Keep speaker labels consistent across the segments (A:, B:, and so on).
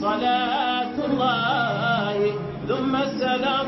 A: صلاة الله ثم السلام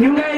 B: ñu ngay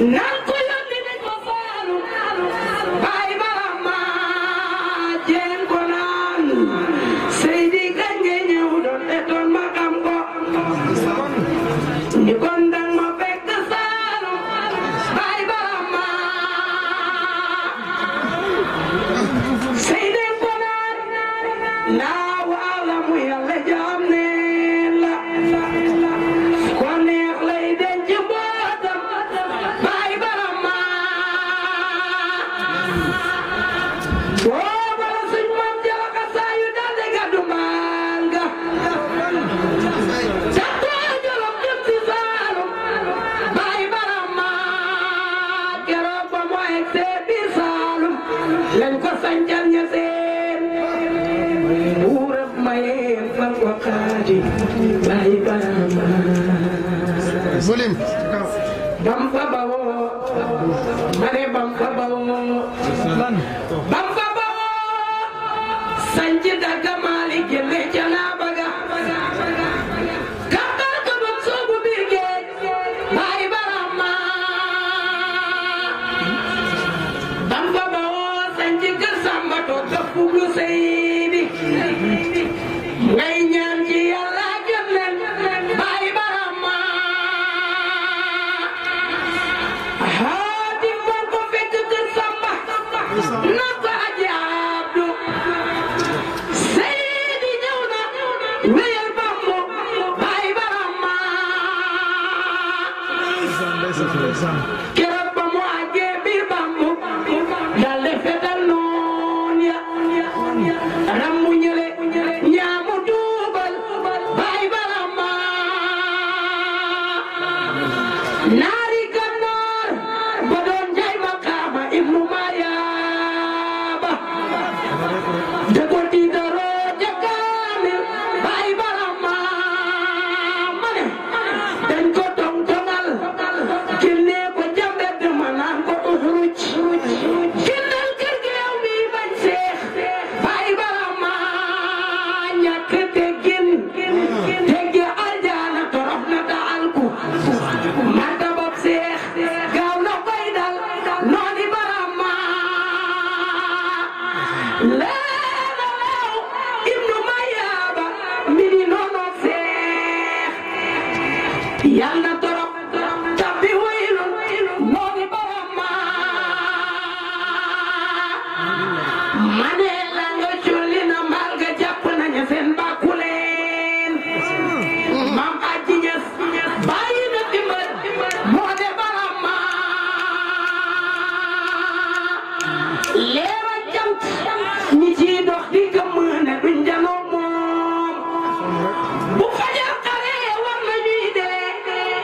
B: Not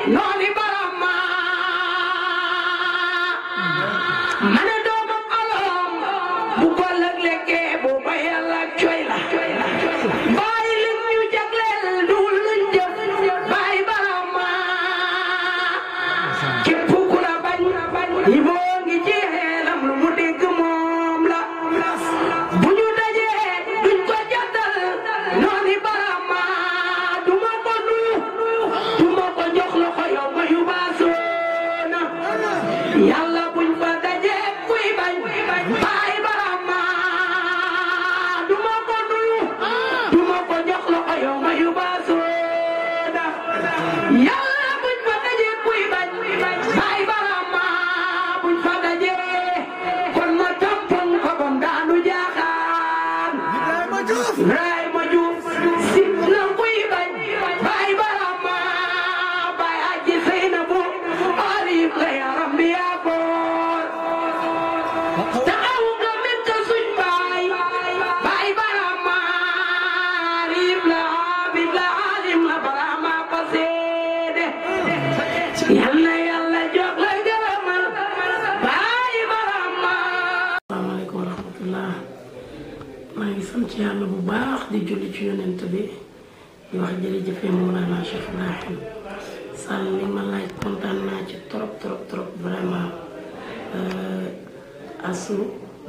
B: noonu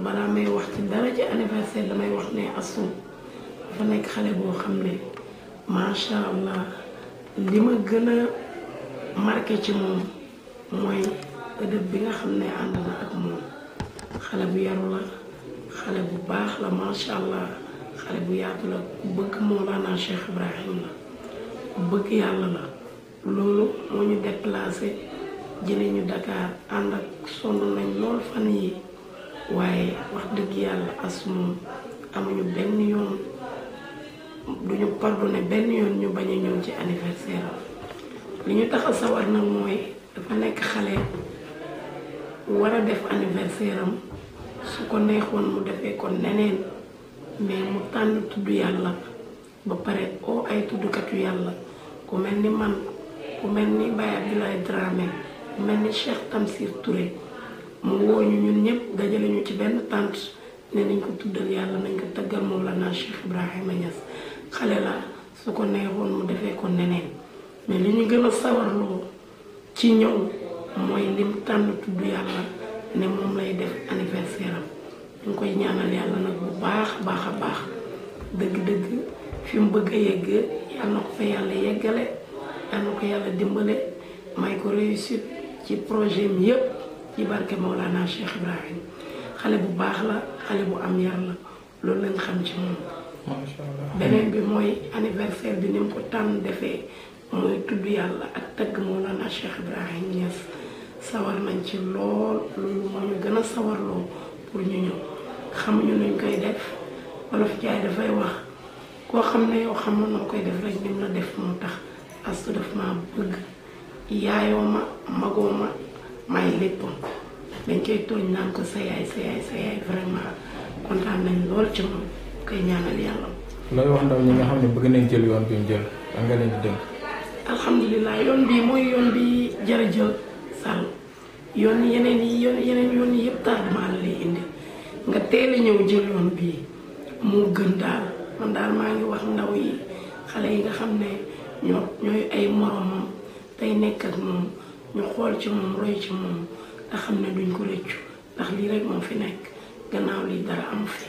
C: balaa may wax ci dara ci anniversaire damay wax ne Astou dafa nekk xale boo xam ne macha allah li ma gën a marqué ci moom mooy ëdëb bi nga xam ne ànd na ak moom xale bu yaru la xale bu baax la macha allah xale bu yaatu la ku bëgg Mawlana Cheikh Ibrahim la ku bëgg yàlla la loolu moo ñu déplacé jëlee ñu Dakar ànd ak sonn nañ lool fan yi waaye wax dëgg yàlla as moom amuñu benn yoon duñu pardonné benn yoon ñu bañ a ñëw ci anniversaire li ñu tax a sawar nag mooy dafa nekk xale war a def anniversaire am su ko neexoon mu defee ko neneen mais mu tànn tudd yàlla ba pare oo ay tuddkatu yàlla ku mel ni man ku mel ni Baye Abdoulaye Dramé ku mel ni Cheikh Tamsir Touré mu woo ñu ñun ñëpp dajale ñu ci benn tànt ne nañ ko tuddal yàlla nañ ko la Mawlana Cheikh Ibrahima Niass xale la su ko neexoon mu defee ko neneen mais li ñu gën a sawarloo ci ñëw mooy lim tànn tudd yàlla ne moom lay def anniversaire am ñu koy ñaanal yàlla nag bu baax a baax a baax dëgg-dëgg fi mu bëgg a yegg yàlla na ko fa yàlla yeggale yàlla na ko yàlla dimbale may ko réussite ci projet yëpp. ci barke Maolana Cheikh Ibrahim xale bu baax la xale bu am yar la loolu lañ xam ci moom. macha allah beneen bi mooy anniversaire bi ni mu ko tànn defee mooy tudd yàlla ak tagg Maolana Cheikh Ibrahim Niass sawar nañ ci lool loolu moo ñu gën a sawarloo pour ñu ñëw ñu nuñ koy def wolof jaay dafay wax koo xam ne yow xamoon noo koy def rek nim la def moo tax astu daf ma bëgg yaayoo ma magoo ma. maa ngi léppam dañ koy tooñ naan ko sa yaay sa yaay sa yaay vraiment kontaan nañ lool ci moom koy ñaanal yàlla. looy wax ndaw ñi nga xam ne bëgg nañ jël yoon bi mu jël lan nga leen di dénk. alhamdulilah yoon yoon bi jar a jël sàll yoon yëpp tardement la teel a ñëw jël yoon bii moo gën daal man daal maa ngi wax ndaw yi xale yi nga xam ne ñoo ñooy ay moromam tey nekk moom. ñu xool ci moom roy ci moom te xam ne duñ ko rëccu ndax lii rek moo fi nekk gannaaw lii dara amu fi.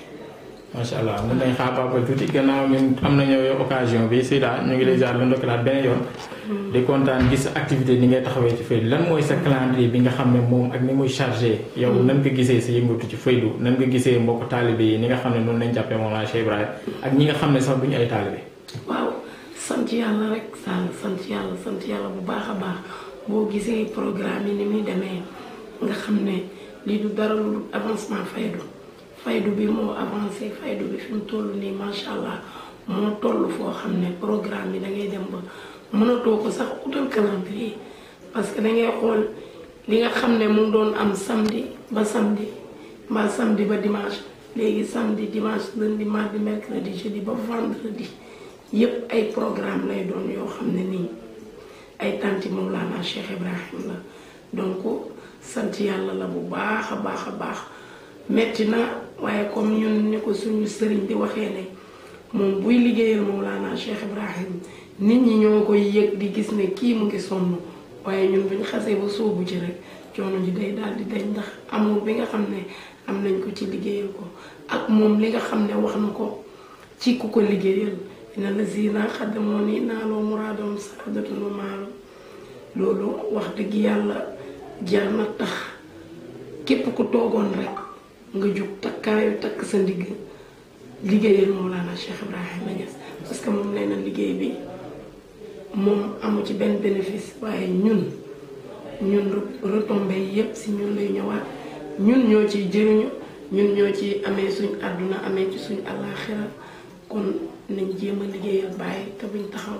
C: macha allah mën nañ xaar papa tuuti gannaaw am na ñëw bi Seyda ñu ngi lay jaar la ndokkalaat beneen yoon. Hmm. di kontaan gis activité ni ngay taxawee ci Fayda lan mooy sa calendrier bi nga xam ne moom ak ni muy chargé. yow hmm. nan nga gisee sa yëngatu ci Fayda nan nga gisee mbokk taalibe yi ni nga xam ne noonu lañ jàppee moom laa Cheikh ak ñi nga xam ne sax duñu ay taalibe. waaw sant bu baax a baax. boo gisee programme yi ni muy demee nga xam ne lii du dara lu avancement faydu faydu bi moo avancé faydu bi fi mu toll nii macha allah moo toll foo xam ne programme bi da ngay dem ba mënatoo ko sax utal calendrier parce que da ngay xool li nga xam ne mu doon am samdi ba samdi mbaa samdi ba dimanche léegi samedi dimanche lundi mardi mercredi jeudi ba vendredi yépp ay programme lay doon yoo xam ne nii. ay tanti Mawlana Cheikh Ibrahim la donc sant yàlla la bu baax a baax a baax metti na waaye comme ñun ni ko suñu sëriñ di waxee ne moom buy liggéeyal Mawlana Cheikh Ibrahim nit ñi ñoo ko yëg di gis ne kii mu ngi sonn waaye ñun bu xasee ba sóobu ci rek coono ji day daal di dañ ndax amour bi nga xam ne am nañ ko ci liggéeyal ko ak moom li nga xam ne wax na ko ci ku ko liggéeyal ina la zina xaddamoo ni naaloo muraadom saadatuno maalo loolu wax dëgg yàlla jar na tax képp ku toogoon rek nga jug takkaayu takk sa ndigg liggéeyal Mawlana que moom nee na liggéey bi moom amu ci benn bénéfice waaye ñun ñun retombées yépp si ñun lay ñëwaat ñun ñoo ciy jëriñu ñun ñoo ci amee suñ àdduna amee ci suñ àllaaxira kon nañ jéem a liggéeyal bàyyi te buñ taxaw.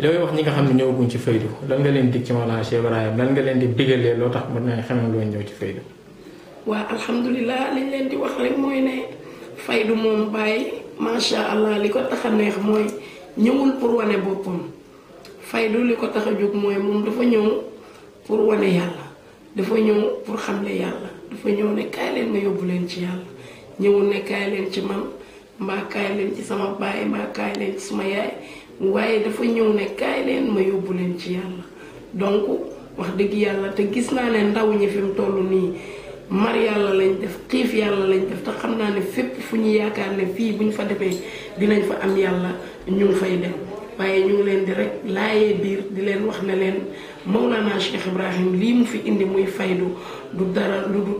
C: looy wax ñi nga xam ne ñëwaguñ ci faydu lan nga leen di ci Mawlana Cheikh Ibrahim lan nga leen di digalee loo tax mën na xamee loo ñëw ci faydu. waaw alhamdulilah liñ leen di wax rek mooy ne faydu moom bàyyi macha allah li ko tax a neex mooy ñëwul pour wane boppam faydu li ko tax a jóg mooy moom dafa ñëw pour wane yàlla dafa ñëw pour xamle yàlla dafa ñëw ne kaay leen ma yóbbu leen ci yàlla ñëwul ne mbaa kaay leen ci sama baay mbaa kaay leen ci sama yaay waaye dafa ñëw ne kaay leen ma yóbbu leen ci yàlla donc wax dëgg yàlla te gis naa leen ndaw ñi fi mu toll nii mar yàlla lañ def xiif yàlla lañ def te xam naa ne fépp fu ñu yaakaar ne fii bu ñu fa defee dinañ fa am yàlla ñu fay dem waaye ñu ngi leen di rek laayee biir di leen wax ne leen moom naa Cheikh Ibrahim lii mu fi indi muy faydu du dara lu du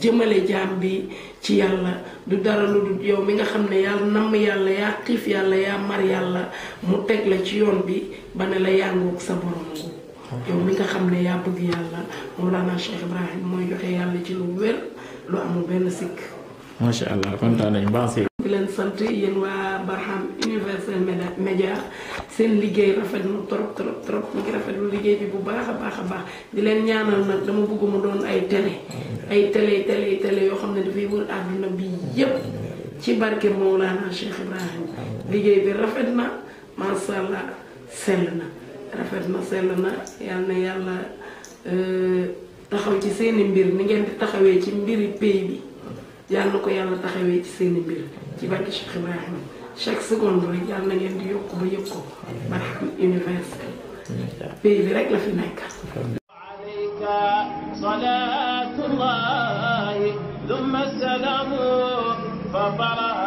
C: jëmale jaam bi ci yàlla du dara lu dul yow mi nga xam ne yàlla namm yàlla yaa xiif yàlla yaa mar yàlla mu teg la ci yoon bi ba ne la yàngoog sa borom ko mi nga xam ne yaa bëgg yàlla Mawlana Cheikh Ibrahim mooy joxe yàlla ci lu wér lu amul benn sikk macha allah kontaan nañu baax si. di leen sant yéen waa Barham Universel Média seen liggéey rafet na trop trop trop mu ngi rafetlu liggéey bi bu baax a baax a baax di leen ñaanal nag dama bëgg mu doon ay télé ay télé télé yoo xam ne dafay wër àdduna bi yépp ci barke Mawlana Cheikh Ibrahim liggéey bi rafet na macha allah sell na rafet na sell na yal na yàlla euh, taxaw ci seeni mbir ni ngeen taxawee ci mbiri pays bi. yàlla na ko yàlla taxawee ci seen mbir ci barke Cheikh Ibrahima chaque seconde rek yàlla na ngeen di yokk ba yokk ko Barham Universel pays bi rek la fi nekk.
A: صلاة الله ثم السلام فطرها